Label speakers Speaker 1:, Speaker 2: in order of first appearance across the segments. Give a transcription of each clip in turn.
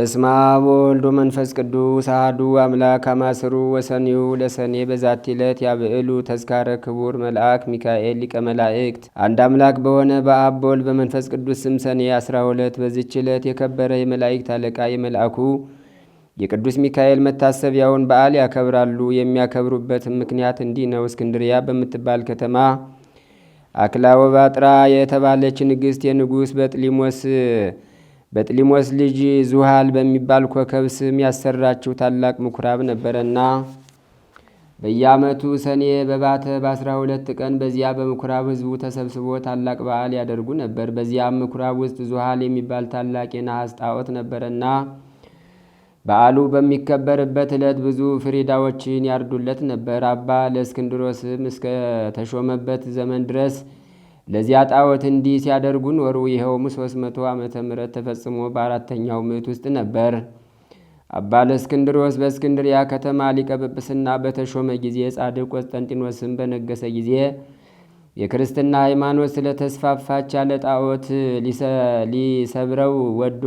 Speaker 1: በስማ ወልድ መንፈስ ቅዱስ አህዱ አምላክ አማስሩ ወሰኒው ለሰኔ በዛቲ ዕለት ያብዕሉ ተዝካረ ክቡር መልአክ ሚካኤል ሊቀ መላእክት። አንድ አምላክ በሆነ በአብ በመንፈስ ቅዱስ ስም ሰኔ 12 በዚች ዕለት የከበረ የመላእክት አለቃ የመልአኩ የቅዱስ ሚካኤል መታሰቢያውን በዓል ያከብራሉ። የሚያከብሩበት ምክንያት እንዲህ ነው። እስክንድሪያ በምትባል ከተማ አክላወባጥራ የተባለች ንግሥት የንጉሥ በጥሊሞስ በጥሊሞስ ልጅ ዙሃል በሚባል ኮከብ ስም ያሰራችው ታላቅ ምኩራብ ነበረና በየዓመቱ ሰኔ በባተ በአስራ ሁለት ቀን በዚያ በምኩራብ ህዝቡ ተሰብስቦ ታላቅ በዓል ያደርጉ ነበር። በዚያም ምኩራብ ውስጥ ዙሃል የሚባል ታላቅ የነሐስ ጣዖት ነበረና በዓሉ በሚከበርበት ዕለት ብዙ ፍሪዳዎችን ያርዱለት ነበር። አባ ለእስክንድሮስም እስከ ተሾመበት ዘመን ድረስ ለዚያ ጣዖት እንዲህ ሲያደርጉ ኖሩ። ይኸውም 300 ዓመተ ምህረት ተፈጽሞ በአራተኛው ምዕት ውስጥ ነበር። አባ ለእስክንድሮስ በእስክንድሪያ ከተማ ሊቀ ጵጵስና በተሾመ ጊዜ፣ ጻድቅ ቆስጠንጢኖስም በነገሰ ጊዜ የክርስትና ሃይማኖት ስለ ተስፋፋች ያለ ጣዖት ሊሰብረው ወዶ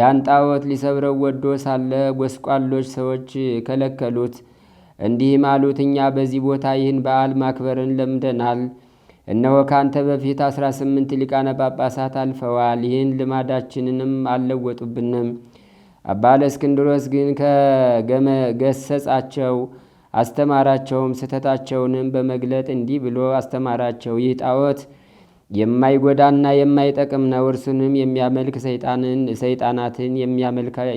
Speaker 1: ያን ጣዖት ሊሰብረው ወዶ ሳለ ጎስቋሎች ሰዎች ከለከሉት። እንዲህም አሉት፣ እኛ በዚህ ቦታ ይህን በዓል ማክበርን ለምደናል እነሆ ከአንተ በፊት አስራ ስምንት ሊቃነ ጳጳሳት አልፈዋል። ይህን ልማዳችንንም አልለወጡብንም። አባ ለእስክንድሮስ ግን ከገሰጻቸው አስተማራቸውም፣ ስህተታቸውንም በመግለጥ እንዲህ ብሎ አስተማራቸው። ይህ ጣዖት የማይጎዳና የማይጠቅም ነው። እርሱንም የሚያመልክ ሰይጣንን ሰይጣናትን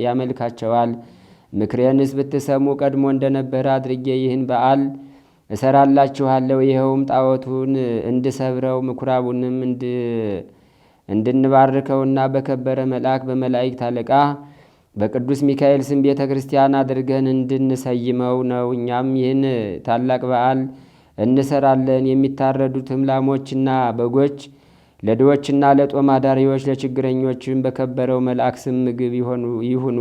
Speaker 1: ያመልካቸዋል። ምክሬንስ ብትሰሙ ቀድሞ እንደነበረ አድርጌ ይህን በዓል እሰራላችኋለሁ። ይኸውም ጣዖቱን እንድሰብረው ምኩራቡንም እንድንባርከውና በከበረ መልአክ በመላእክት አለቃ በቅዱስ ሚካኤል ስም ቤተ ክርስቲያን አድርገን እንድንሰይመው ነው። እኛም ይህን ታላቅ በዓል እንሰራለን። የሚታረዱትም ላሞችና በጎች ለድዎችና ለጦም አዳሪዎች ለችግረኞችም በከበረው መልአክ ስም ምግብ ይሁኑ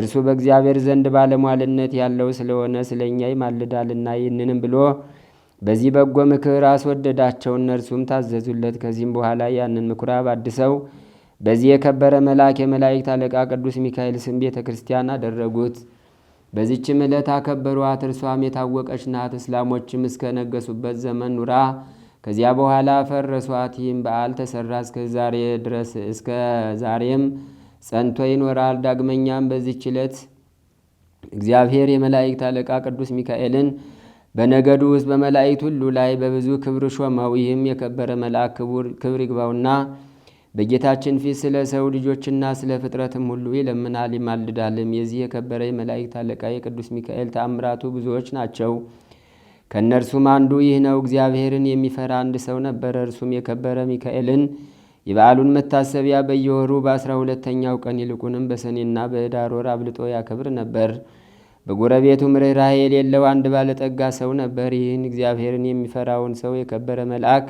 Speaker 1: እርሱ በእግዚአብሔር ዘንድ ባለሟልነት ያለው ስለሆነ ስለ እኛ ይማልዳልና። ይህንንም ብሎ በዚህ በጎ ምክር አስወደዳቸው፣ እነርሱም ታዘዙለት። ከዚህም በኋላ ያንን ምኩራብ አድሰው በዚህ የከበረ መልአክ የመላእክት አለቃ ቅዱስ ሚካኤል ስም ቤተ ክርስቲያን አደረጉት። በዚችም ዕለት አከበሯት። እርሷም የታወቀች ናት። እስላሞችም እስከ ነገሱበት ዘመን ኑራ ከዚያ በኋላ ፈረሷት። ይህም በዓል ተሰራ እስከ ዛሬ ድረስ እስከ ዛሬም ጸንቶ ይኖራል። ዳግመኛም በዚህ ዕለት እግዚአብሔር የመላእክት አለቃ ቅዱስ ሚካኤልን በነገዱ ውስጥ በመላእክት ሁሉ ላይ በብዙ ክብር ሾመው። ይህም የከበረ መልአክ ክብር ይግባውና በጌታችን ፊት ስለ ሰው ልጆችና ስለ ፍጥረትም ሁሉ ይለምናል ይማልዳልም። የዚህ የከበረ የመላእክት አለቃ የቅዱስ ሚካኤል ተአምራቱ ብዙዎች ናቸው። ከእነርሱም አንዱ ይህ ነው። እግዚአብሔርን የሚፈራ አንድ ሰው ነበረ። እርሱም የከበረ ሚካኤልን የበዓሉን መታሰቢያ በየወሩ በአስራ ሁለተኛው ቀን ይልቁንም በሰኔና በህዳር ወር አብልጦ ያከብር ነበር። በጎረቤቱም ርኅራኄ የሌለው አንድ ባለጠጋ ሰው ነበር። ይህን እግዚአብሔርን የሚፈራውን ሰው የከበረ መልአክ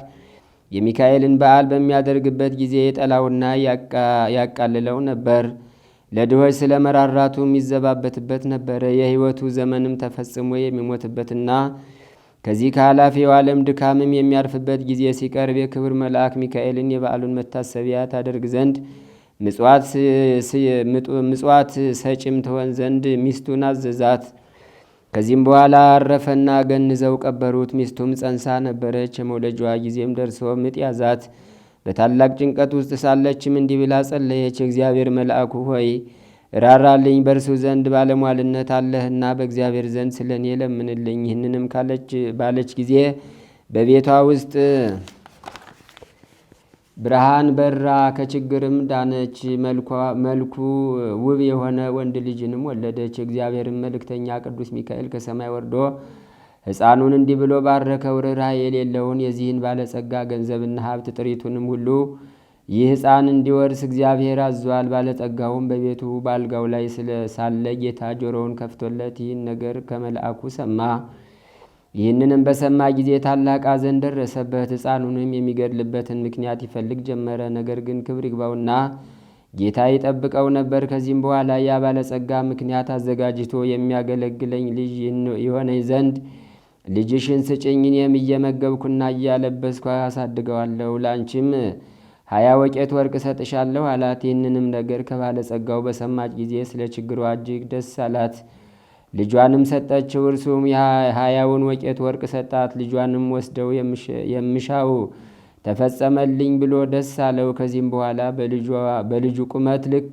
Speaker 1: የሚካኤልን በዓል በሚያደርግበት ጊዜ የጠላውና ያቃልለው ነበር። ለድሆች ስለ መራራቱም ይዘባበትበት ነበረ። የሕይወቱ ዘመንም ተፈጽሞ የሚሞትበትና ከዚህ ከኃላፊው ዓለም ድካምም የሚያርፍበት ጊዜ ሲቀርብ የክብር መልአክ ሚካኤልን የበዓሉን መታሰቢያ ታደርግ ዘንድ ምጽዋት ሰጭም ትሆን ዘንድ ሚስቱን አዘዛት። ከዚህም በኋላ አረፈና ገንዘው ቀበሩት። ሚስቱም ጸንሳ ነበረች። የመውለጇ ጊዜም ደርሶ ምጥ ያዛት። በታላቅ ጭንቀት ውስጥ ሳለችም እንዲህ ብላ ጸለየች። እግዚአብሔር መልአኩ ሆይ ራራልኝ በእርሱ ዘንድ ባለሟልነት አለህና በእግዚአብሔር ዘንድ ስለ እኔ ለምንልኝ። ይህንንም ካለች ባለች ጊዜ በቤቷ ውስጥ ብርሃን በራ፣ ከችግርም ዳነች። መልኩ ውብ የሆነ ወንድ ልጅንም ወለደች። እግዚአብሔርን መልእክተኛ ቅዱስ ሚካኤል ከሰማይ ወርዶ ሕፃኑን እንዲህ ብሎ ባረከው። ርኅራኄ የሌለውን የዚህን ባለጸጋ ገንዘብና ሀብት ጥሪቱንም ሁሉ ይህ ሕፃን እንዲወርስ እግዚአብሔር አዟል። ባለጠጋውም በቤቱ በአልጋው ላይ ሳለ ጌታ ጆሮውን ከፍቶለት ይህን ነገር ከመልአኩ ሰማ። ይህንንም በሰማ ጊዜ ታላቅ አዘን ደረሰበት። ሕፃኑንም የሚገድልበትን ምክንያት ይፈልግ ጀመረ። ነገር ግን ክብር ይግባውና ጌታ ይጠብቀው ነበር። ከዚህም በኋላ ያ ባለጸጋ ምክንያት አዘጋጅቶ የሚያገለግለኝ ልጅ የሆነኝ ዘንድ ልጅሽን ስጭኝ፣ እኔም እየመገብኩና እያለበስኩ አሳድገዋለሁ፣ ለአንቺም ሀያ ወቄት ወርቅ እሰጥሻለሁ አላት። ይህንንም ነገር ከባለጸጋው በሰማች ጊዜ ስለ ችግሯ እጅግ ደስ አላት። ልጇንም ሰጠችው። እርሱም የሀያውን ወቄት ወርቅ ሰጣት። ልጇንም ወስደው የምሻው ተፈጸመልኝ ብሎ ደስ አለው። ከዚህም በኋላ በልጁ ቁመት ልክ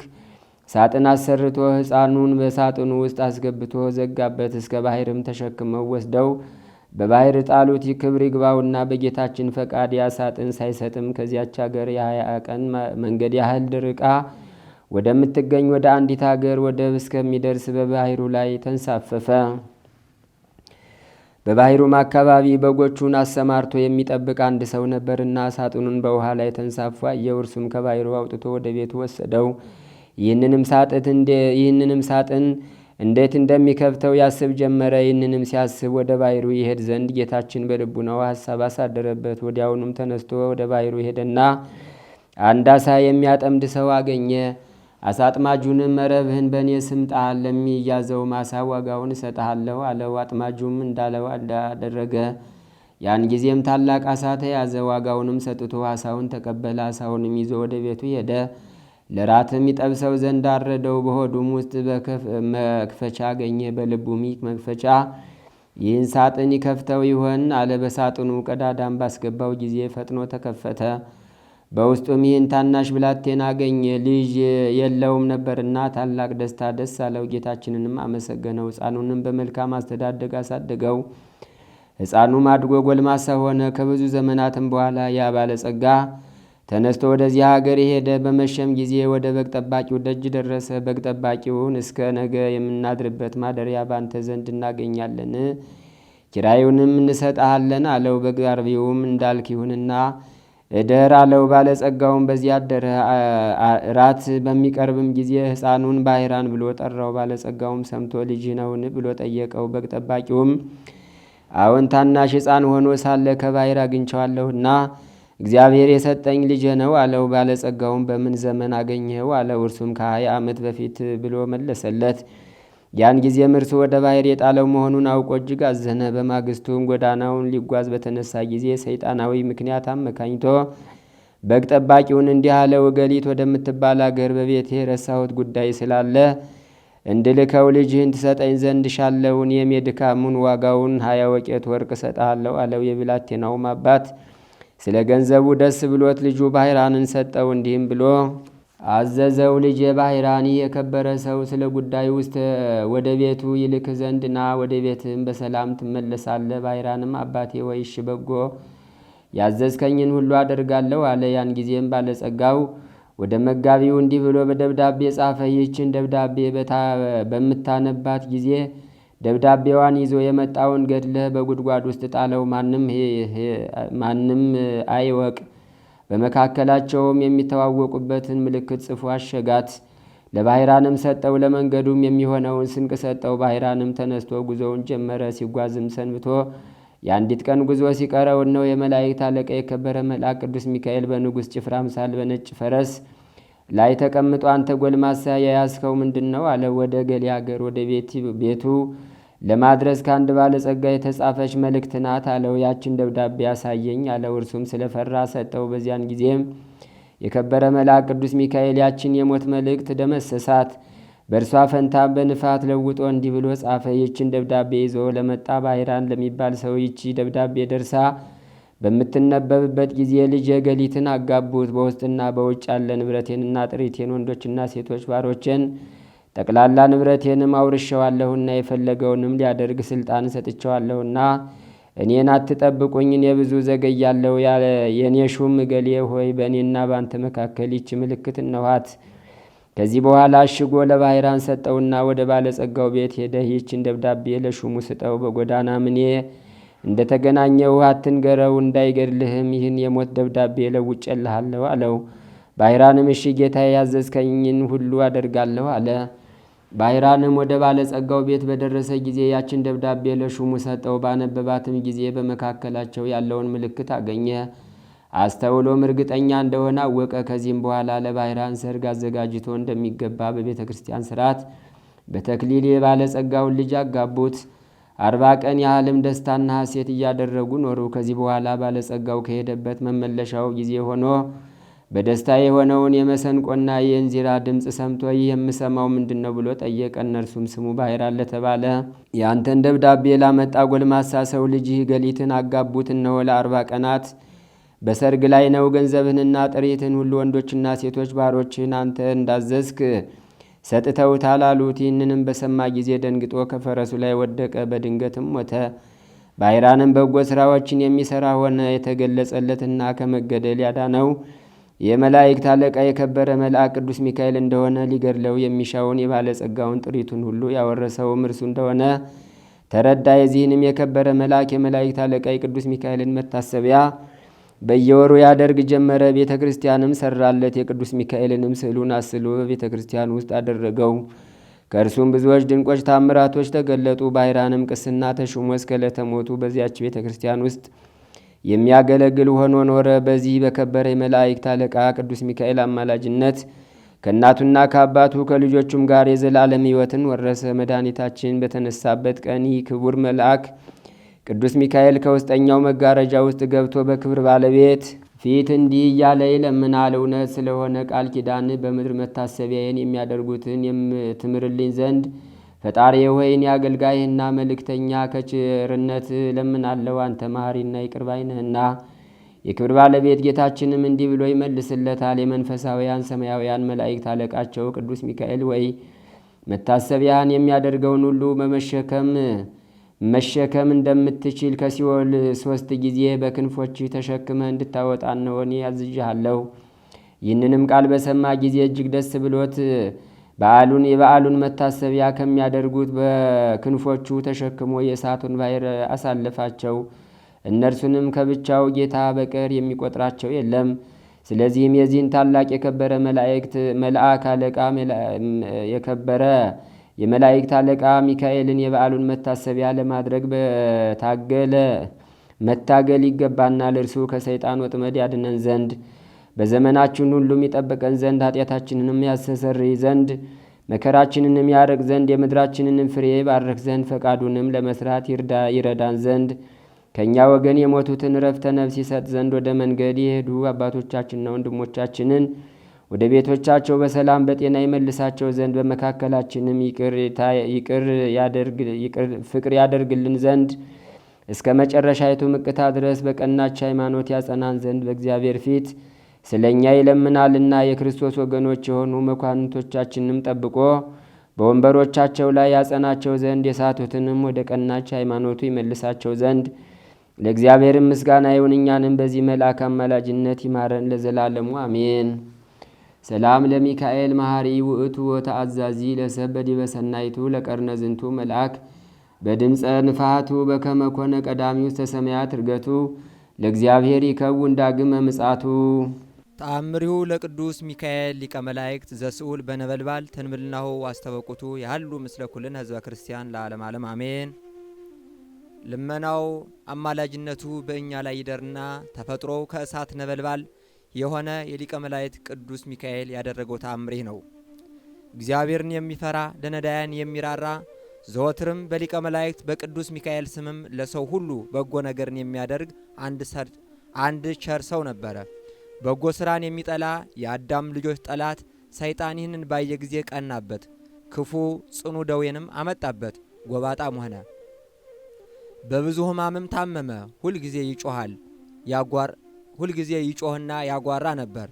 Speaker 1: ሳጥን አሰርቶ ሕፃኑን በሳጥኑ ውስጥ አስገብቶ ዘጋበት። እስከ ባህርም ተሸክመው ወስደው በባህር ጣሉት። ክብር ይግባውና በጌታችን ፈቃድ ያሳጥን ሳጥን ሳይሰጥም ከዚያች ሀገር የሀያ ቀን መንገድ ያህል ድርቃ ወደምትገኝ ወደ አንዲት ሀገር ወደብ እስከሚደርስ በባህሩ ላይ ተንሳፈፈ። በባህሩም አካባቢ በጎቹን አሰማርቶ የሚጠብቅ አንድ ሰው ነበርና ሳጥኑን በውሃ ላይ ተንሳፏ አየው። እርሱም ከባህሩ አውጥቶ ወደ ቤቱ ወሰደው። ይህንንም ሳጥን እንዴት እንደሚከብተው ያስብ ጀመረ። ይህንንም ሲያስብ ወደ ባይሩ ይሄድ ዘንድ ጌታችን በልቡናው ሀሳብ አሳደረበት። ወዲያውኑም ተነስቶ ወደ ባይሩ ሄደና አንድ አሳ የሚያጠምድ ሰው አገኘ። አሳ አጥማጁንም መረብህን በእኔ ስም ጣል፣ ለሚያዘው አሳ ዋጋውን እሰጥሃለሁ አለው። አጥማጁም እንዳለው እንዳደረገ ያን ጊዜም ታላቅ አሳ ተያዘ። ዋጋውንም ሰጥቶ አሳውን ተቀበለ። አሳውንም ይዞ ወደ ቤቱ ሄደ። ለራትም ይጠብሰው ዘንድ አረደው። በሆዱም ውስጥ መክፈቻ አገኘ። በልቡም መክፈቻ ይህን ሳጥን ይከፍተው ይሆን አለ። በሳጥኑ ቀዳዳም ባስገባው ጊዜ ፈጥኖ ተከፈተ። በውስጡም ይህን ታናሽ ብላቴና አገኘ። ልጅ የለውም ነበርና ታላቅ ደስታ ደስ አለው። ጌታችንንም አመሰገነው። ሕፃኑንም በመልካም አስተዳደግ አሳደገው። ሕፃኑም አድጎ ጎልማሳ ሆነ። ከብዙ ዘመናትም በኋላ ያ ባለጸጋ ተነስቶ ወደዚያ ሀገር የሄደ በመሸም ጊዜ ወደ በግ ጠባቂው ደጅ ደረሰ። በግ ጠባቂውን እስከ ነገ የምናድርበት ማደሪያ ባንተ ዘንድ እናገኛለን፣ ኪራዩንም እንሰጠሃለን አለው። በግ አርቢውም እንዳልክ ይሁንና እደር አለው። ባለጸጋውን በዚያ አደረ። ራት በሚቀርብም ጊዜ ሕፃኑን ባይራን ብሎ ጠራው። ባለጸጋውም ሰምቶ ልጅ ነውን ብሎ ጠየቀው። በግ ጠባቂውም አዎን ታናሽ ሕፃን ሆኖ ሳለ ከባይር አግኝቸዋለሁና እግዚአብሔር የሰጠኝ ልጅ ነው አለው። ባለጸጋውም በምን ዘመን አገኘኸው አለው። እርሱም ከሀያ ዓመት በፊት ብሎ መለሰለት። ያን ጊዜም እርሱ ወደ ባሕር የጣለው መሆኑን አውቆ እጅግ አዘነ። በማግስቱም ጎዳናውን ሊጓዝ በተነሳ ጊዜ ሰይጣናዊ ምክንያት አመካኝቶ በግ ጠባቂውን እንዲህ አለው፣ እገሊት ወደምትባል አገር በቤት የረሳሁት ጉዳይ ስላለ እንድልከው ልጅህን ትሰጠኝ ዘንድ ሻለውን የሜድካሙን ዋጋውን ሀያ ወቄት ወርቅ እሰጥሃለሁ አለው። የብላቴናውም አባት ስለ ገንዘቡ ደስ ብሎት ልጁ ባህራንን ሰጠው። እንዲህም ብሎ አዘዘው፣ ልጄ ባህራኒ የከበረ ሰው ስለ ጉዳይ ውስጥ ወደ ቤቱ ይልክ ዘንድ ና፣ ወደ ቤትም በሰላም ትመለሳለ ባህራንም አባቴ ወይሽ በጎ ያዘዝከኝን ሁሉ አደርጋለሁ አለ። ያን ጊዜም ባለጸጋው ወደ መጋቢው እንዲህ ብሎ በደብዳቤ ጻፈ። ይህችን ደብዳቤ በምታነባት ጊዜ ደብዳቤዋን ይዞ የመጣውን ገድለህ በጉድጓድ ውስጥ ጣለው፣ ማንም አይወቅ። በመካከላቸውም የሚተዋወቁበትን ምልክት ጽፎ አሸጋት። ለባህራንም ሰጠው፣ ለመንገዱም የሚሆነውን ስንቅ ሰጠው። ባህራንም ተነስቶ ጉዞውን ጀመረ። ሲጓዝም ሰንብቶ የአንዲት ቀን ጉዞ ሲቀረው ነው የመላእክት አለቃ የከበረ መልአክ ቅዱስ ሚካኤል በንጉሥ ጭፍራ አምሳል በነጭ ፈረስ ላይ ተቀምጦ አንተ ጎልማሳ የያዝከው ምንድን ነው? አለ። ወደ ገሌ አገር ወደ ቤቱ ለማድረስ ከአንድ ባለጸጋ የተጻፈች መልእክት ናት አለው። ያችን ደብዳቤ ያሳየኝ አለው። እርሱም ስለፈራ ሰጠው። በዚያን ጊዜም የከበረ መልአክ ቅዱስ ሚካኤል ያችን የሞት መልእክት ደመሰሳት። በእርሷ ፈንታ በንፋት ለውጦ እንዲህ ብሎ ጻፈ። ይችን ደብዳቤ ይዞ ለመጣ ባይራን ለሚባል ሰው ይቺ ደብዳቤ ደርሳ በምትነበብበት ጊዜ ልጅ የገሊትን አጋቡት። በውስጥና በውጭ ያለ ንብረቴንና ጥሪቴን፣ ወንዶችና ሴቶች ባሮችን ጠቅላላ ንብረቴንም አውርሸዋለሁና የፈለገውንም ሊያደርግ ስልጣን ሰጥቸዋለሁና እኔን አትጠብቁኝ፣ እኔ ብዙ ዘገያለሁ ያለ የእኔ ሹም እገሌ ሆይ በእኔና በአንተ መካከል ይች ምልክት እነኋት። ከዚህ በኋላ አሽጎ ለባሕራን ሰጠውና ወደ ባለጸጋው ቤት ሄደህ ይችን ደብዳቤ ለሹሙ ስጠው፣ በጎዳና ምኔ እንደ ተገናኘው አትንገረው፣ እንዳይገድልህም ይህን የሞት ደብዳቤ ለውጨልሃለሁ አለው። ባሕራንም እሺ ጌታ ያዘዝከኝን ሁሉ አደርጋለሁ አለ። ባይራንም ወደ ባለጸጋው ቤት በደረሰ ጊዜ ያችን ደብዳቤ ለሹሙ ሰጠው። ባነበባትም ጊዜ በመካከላቸው ያለውን ምልክት አገኘ። አስተውሎም እርግጠኛ እንደሆነ አወቀ። ከዚህም በኋላ ለባይራን ሰርግ አዘጋጅቶ እንደሚገባ በቤተ ክርስቲያን ስርዓት በተክሊል የባለጸጋውን ልጅ አጋቡት። አርባ ቀን ያህልም ደስታና ሐሴት እያደረጉ ኖሩ። ከዚህ በኋላ ባለጸጋው ከሄደበት መመለሻው ጊዜ ሆኖ በደስታ የሆነውን የመሰንቆና የእንዚራ ድምፅ ሰምቶ ይህ የምሰማው ምንድን ነው ብሎ ጠየቀ። እነርሱም ስሙ ባህራ ለተባለ የአንተን ደብዳቤ ላመጣ ጎልማሳ ሰው ልጅህ ገሊትን አጋቡት። እነሆ ለአርባ ቀናት በሰርግ ላይ ነው። ገንዘብህንና ጥሪትህን ሁሉ ወንዶችና ሴቶች ባሮችህን አንተ እንዳዘዝክ ሰጥተውታል አሉት። ይህንንም በሰማ ጊዜ ደንግጦ ከፈረሱ ላይ ወደቀ፣ በድንገትም ሞተ። ባይራንም በጎ ስራዎችን የሚሰራ ሆነ። የተገለጸለትና ከመገደል ያዳነው የመላእክት አለቃ የከበረ መልአክ ቅዱስ ሚካኤል እንደሆነ ሊገድለው የሚሻውን የባለጸጋውን ጥሪቱን ሁሉ ያወረሰውም እርሱ እንደሆነ ተረዳ። የዚህንም የከበረ መልአክ የመላእክት አለቃ የቅዱስ ሚካኤልን መታሰቢያ በየወሩ ያደርግ ጀመረ። ቤተ ክርስቲያንም ሰራለት። የቅዱስ ሚካኤልንም ስዕሉን አስሎ በቤተ ክርስቲያን ውስጥ አደረገው። ከእርሱም ብዙዎች ድንቆች ታምራቶች ተገለጡ። ባይራንም ቅስና ተሹሞ እስከ ዕለተ ሞቱ በዚያች ቤተ ክርስቲያን ውስጥ የሚያገለግል ሆኖ ኖረ። በዚህ በከበረ የመላእክት አለቃ ቅዱስ ሚካኤል አማላጅነት ከእናቱና ከአባቱ ከልጆቹም ጋር የዘላለም ሕይወትን ወረሰ። መድኃኒታችን በተነሳበት ቀን ይህ ክቡር መልአክ ቅዱስ ሚካኤል ከውስጠኛው መጋረጃ ውስጥ ገብቶ በክብር ባለቤት ፊት እንዲህ እያለ ይለምናል። እውነት ስለሆነ ቃል ኪዳን በምድር መታሰቢያዬን የሚያደርጉትን የምትምርልኝ ዘንድ ፈጣሪ ሆይ እኔ አገልጋይህና መልእክተኛ ከቸርነት ለምናለው አንተ መሐሪና ይቅር ባይ ነህና። የክብር ባለቤት ጌታችንም እንዲህ ብሎ ይመልስለታል። የመንፈሳውያን ሰማያውያን መላእክት አለቃቸው ቅዱስ ሚካኤል ወይ መታሰቢያን የሚያደርገውን ሁሉ በመሸከም መሸከም እንደምትችል ከሲኦል ሶስት ጊዜ በክንፎች ተሸክመ እንድታወጣ ነው እኔ ያዝዣሃለሁ። ይህንንም ቃል በሰማ ጊዜ እጅግ ደስ ብሎት በዓሉን የበዓሉን መታሰቢያ ከሚያደርጉት በክንፎቹ ተሸክሞ የእሳቱን ባሕር አሳለፋቸው። እነርሱንም ከብቻው ጌታ በቀር የሚቆጥራቸው የለም። ስለዚህም የዚህን ታላቅ የከበረ መላእክት መልአክ አለቃ የከበረ የመላእክት አለቃ ሚካኤልን የበዓሉን መታሰቢያ ለማድረግ በታገለ መታገል ይገባናል። እርሱ ከሰይጣን ወጥመድ ያድነን ዘንድ በዘመናችን ሁሉም ይጠብቀን ዘንድ ኃጢአታችንንም ያስተሰርይ ዘንድ መከራችንንም ያርቅ ዘንድ የምድራችንንም ፍሬ ባረክ ዘንድ ፈቃዱንም ለመስራት ይረዳን ዘንድ ከእኛ ወገን የሞቱትን ረፍተ ነፍስ ይሰጥ ዘንድ ወደ መንገድ የሄዱ አባቶቻችንና ወንድሞቻችንን ወደ ቤቶቻቸው በሰላም በጤና ይመልሳቸው ዘንድ በመካከላችንም ፍቅር ያደርግልን ዘንድ እስከ መጨረሻ የቱ ምቅታ ድረስ በቀናች ሃይማኖት ያጸናን ዘንድ በእግዚአብሔር ፊት ስለ እኛ ይለምናልና የክርስቶስ ወገኖች የሆኑ መኳንንቶቻችንም ጠብቆ በወንበሮቻቸው ላይ ያጸናቸው ዘንድ የሳቱትንም ወደ ቀናች ሃይማኖቱ ይመልሳቸው ዘንድ ለእግዚአብሔር ምስጋና ይሁን። እኛንም በዚህ መልአክ አማላጅነት ይማረን ለዘላለሙ አሜን። ሰላም ለሚካኤል መሐሪ ውእቱ ወተአዛዚ ለሰብ በዲበ ለቀርነ ዝንቱ መልአክ በድምፀ ንፋቱ በከመኮነ ቀዳሚ ውስተ እርገቱ ለእግዚአብሔር ይከውን እንዳግመ ምጻቱ ተአምሪሁ ለቅዱስ ሚካኤል ሊቀ መላእክት ዘስዑል በነበልባል ተንብልናሁ አስተበቁቱ ያሉ ምስለ ኩልን ህዝበ ክርስቲያን ለዓለም ዓለም አሜን። ልመናው አማላጅነቱ በእኛ ላይ ይደርና ተፈጥሮው ከእሳት ነበልባል የሆነ የሊቀ መላእክት ቅዱስ ሚካኤል ያደረገው ተአምሪህ ነው። እግዚአብሔርን የሚፈራ ለነዳያን የሚራራ ዘወትርም በሊቀ መላእክት በቅዱስ ሚካኤል ስምም ለሰው ሁሉ በጎ ነገርን የሚያደርግ አንድ ቸር ሰው ነበረ። በጎ ስራን የሚጠላ የአዳም ልጆች ጠላት ሰይጣን ይህንን ባየ ጊዜ ቀናበት፣ ክፉ ጽኑ ደዌንም አመጣበት፣ ጎባጣም ሆነ። በብዙ ሕማምም ታመመ። ሁልጊዜ ይጮኋል ያጓር ሁልጊዜ ይጮህና ያጓራ ነበር።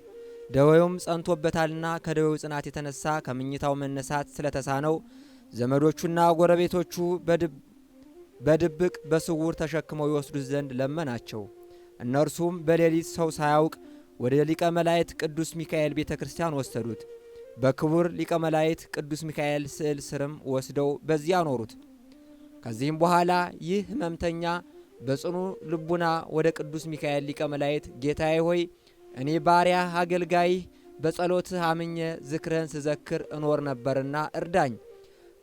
Speaker 1: ደዌውም ጸንቶበታልና ከደዌው ጽናት የተነሳ ከምኝታው መነሳት ስለተሳነው ዘመዶቹና ጎረቤቶቹ በድብቅ በስውር ተሸክመው ይወስዱት ዘንድ ለመናቸው። እነርሱም በሌሊት ሰው ሳያውቅ ወደ ሊቀ መላእክት ቅዱስ ሚካኤል ቤተ ክርስቲያን ወሰዱት። በክቡር ሊቀ መላእክት ቅዱስ ሚካኤል ስዕል ስርም ወስደው በዚያ አኖሩት። ከዚህም በኋላ ይህ ሕመምተኛ በጽኑ ልቡና ወደ ቅዱስ ሚካኤል ሊቀ መላእክት ጌታዬ ሆይ እኔ ባሪያ አገልጋይህ በጸሎትህ አምኜ ዝክረን ስዘክር እኖር ነበርና እርዳኝ፣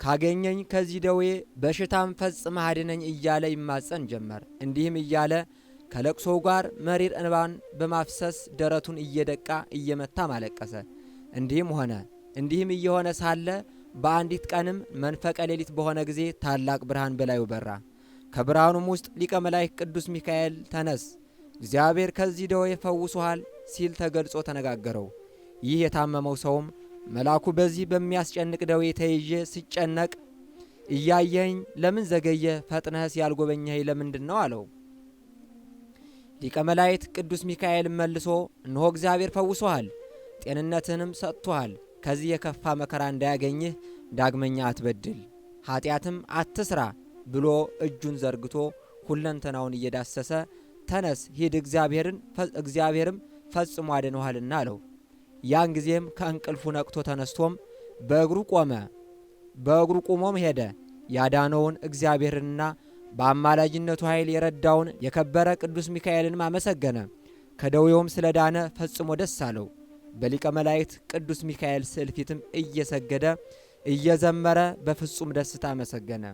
Speaker 1: ካገኘኝ ከዚህ ደዌ በሽታም ፈጽመህ አድነኝ እያለ ይማጸን ጀመር። እንዲህም እያለ ከለቅሶው ጋር መሪር እንባን በማፍሰስ ደረቱን እየደቃ እየመታ ማለቀሰ። እንዲህም ሆነ። እንዲህም እየሆነ ሳለ በአንዲት ቀንም መንፈቀ ሌሊት በሆነ ጊዜ ታላቅ ብርሃን በላዩ በራ። ከብርሃኑም ውስጥ ሊቀ መላእክት ቅዱስ ሚካኤል ተነስ፣ እግዚአብሔር ከዚህ ደዌ ፈውሶሃል ሲል ተገልጾ ተነጋገረው። ይህ የታመመው ሰውም መልአኩ በዚህ በሚያስጨንቅ ደዌ ተይዤ ስጨነቅ እያየኝ ለምን ዘገየ? ፈጥነህስ ያልጎበኘኸኝ ለምንድን ነው? አለው። ሊቀ መላእክት ቅዱስ ሚካኤል መልሶ እነሆ እግዚአብሔር ፈውሶሃል፣ ጤንነትንም ሰጥቶሃል። ከዚህ የከፋ መከራ እንዳያገኝህ ዳግመኛ አትበድል፣ ኀጢአትም አትስራ ብሎ እጁን ዘርግቶ ሁለንተናውን እየዳሰሰ ተነስ ሂድ፣ እግዚአብሔርን እግዚአብሔርም ፈጽሞ አድንኋልና አለው። ያን ጊዜም ከእንቅልፉ ነቅቶ ተነስቶም በእግሩ ቆመ። በእግሩ ቁሞም ሄደ። ያዳነውን እግዚአብሔርንና በአማላጅነቱ ኃይል የረዳውን የከበረ ቅዱስ ሚካኤልንም አመሰገነ። ከደዌውም ስለ ዳነ ፈጽሞ ደስ አለው። በሊቀ መላእክት ቅዱስ ሚካኤል ስዕል ፊትም እየሰገደ እየዘመረ በፍጹም ደስታ አመሰገነ።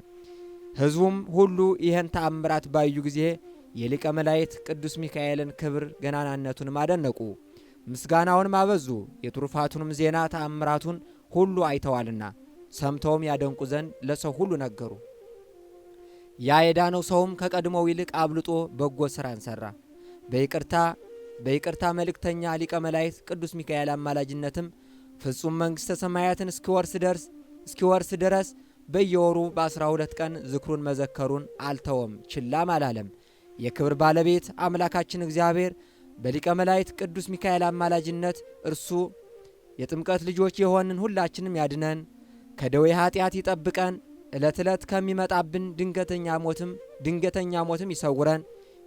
Speaker 1: ሕዝቡም ሁሉ ይህን ተአምራት ባዩ ጊዜ የሊቀ መላእክት ቅዱስ ሚካኤልን ክብር ገናናነቱንም አደነቁ፣ ምስጋናውንም አበዙ። የትሩፋቱንም ዜና ተአምራቱን ሁሉ አይተዋልና ሰምተውም ያደንቁ ዘንድ ለሰው ሁሉ ነገሩ። ያ የዳነው ሰውም ከቀድሞው ይልቅ አብልጦ በጎ ሥራን ሠራ። በይቅርታ በይቅርታ መልእክተኛ ሊቀ መላእክት ቅዱስ ሚካኤል አማላጅነትም ፍጹም መንግሥተ ሰማያትን እስኪወርስ ደርስ እስኪወርስ ድረስ በየወሩ በአስራ ሁለት ቀን ዝክሩን መዘከሩን አልተወም፣ ችላም አላለም። የክብር ባለቤት አምላካችን እግዚአብሔር በሊቀ መላእክት ቅዱስ ሚካኤል አማላጅነት እርሱ የጥምቀት ልጆች የሆንን ሁላችንም ያድነን፣ ከደዌ ኀጢአት ይጠብቀን ዕለት ዕለት ከሚመጣብን ድንገተኛ ሞትም ድንገተኛ ሞትም ይሰውረን።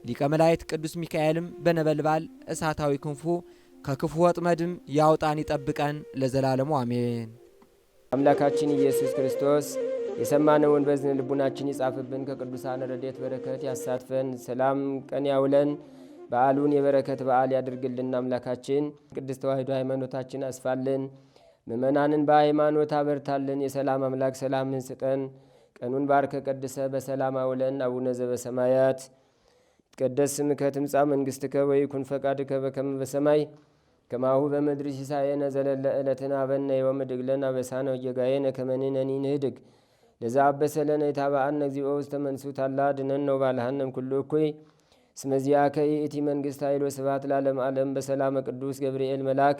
Speaker 1: ሊቀ መላእክት ቅዱስ ሚካኤልም በነበልባል እሳታዊ ክንፉ ከክፉ ወጥመድም ያውጣን ይጠብቀን፣ ለዘላለሙ አሜን። አምላካችን ኢየሱስ ክርስቶስ የሰማነውን በዝን ልቡናችን ይጻፍብን፣ ከቅዱሳን ረድኤት በረከት ያሳትፈን፣ ሰላም ቀን ያውለን፣ በዓሉን የበረከት በዓል ያድርግልን። አምላካችን ቅድስት ተዋሕዶ ሃይማኖታችን አስፋልን። ምእመናንን በሃይማኖት አበርታልን። የሰላም አምላክ ሰላምን ስጠን። ቀኑን ባርከ ቀድሰ በሰላም አውለን። አቡነ ዘበሰማያት ይትቀደስ ስምከ ትምጻእ መንግሥትከ ወይኩን ፈቃድከ በከመ በሰማይ ከማሁ በምድር ሲሳየነ ዘለለ ዕለትነ ሀበነ ዮም ወኅድግ ለነ አበሳነ ወጌጋየነ ከመ ንሕነኒ ንኅድግ ለዘአበሰለነ ኢታብአነ እግዚኦ ውስተ መንሱት አላ አድኅነነ ወባልሐነ ኩሉ እኩይ እስመ ዚአከ ይእቲ መንግሥት ኃይል ወስብሐት ለዓለመ ዓለም። በሰላመ ቅዱስ ገብርኤል መልአክ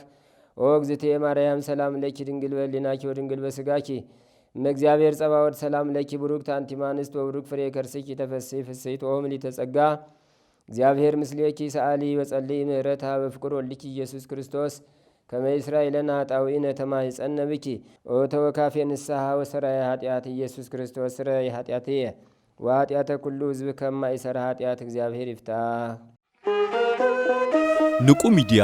Speaker 1: ኦ እግዝእቴ ማርያም ሰላም ለኪ ድንግል በሊናኪ ወድንግል በስጋኪ እመእግዚአብሔር ጸባወድ ሰላም ለኪ ብሩክ አንቲማንስት ወብሩክ ፍሬ ከርስኪ ተፈስሒ ፍስሕት ኦምሊ ሊተጸጋ እግዚአብሔር ምስሌኪ ሰአሊ በጸልይ ምህረታ በፍቅር ወልኪ ኢየሱስ ክርስቶስ ከመእስራኤለን አጣዊነ ተማይጸነ ይጸነብኪ ኦ ተወካፌ ንስሓ ወሰራይ ኃጢአት ኢየሱስ ክርስቶስ ስረይ ኃጢአትየ ወኃጢአተ ኩሉ ህዝብ ከማይሰራ ኃጢአት እግዚአብሔር ይፍታ።
Speaker 2: ንቁ ሚዲያ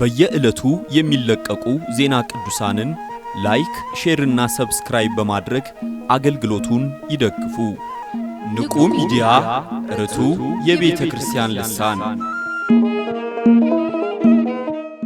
Speaker 2: በየዕለቱ የሚለቀቁ ዜና ቅዱሳንን ላይክ፣ ሼርና ሰብስክራይብ በማድረግ አገልግሎቱን ይደግፉ። ንቁ ሚዲያ ርቱ የቤተ ክርስቲያን ልሳን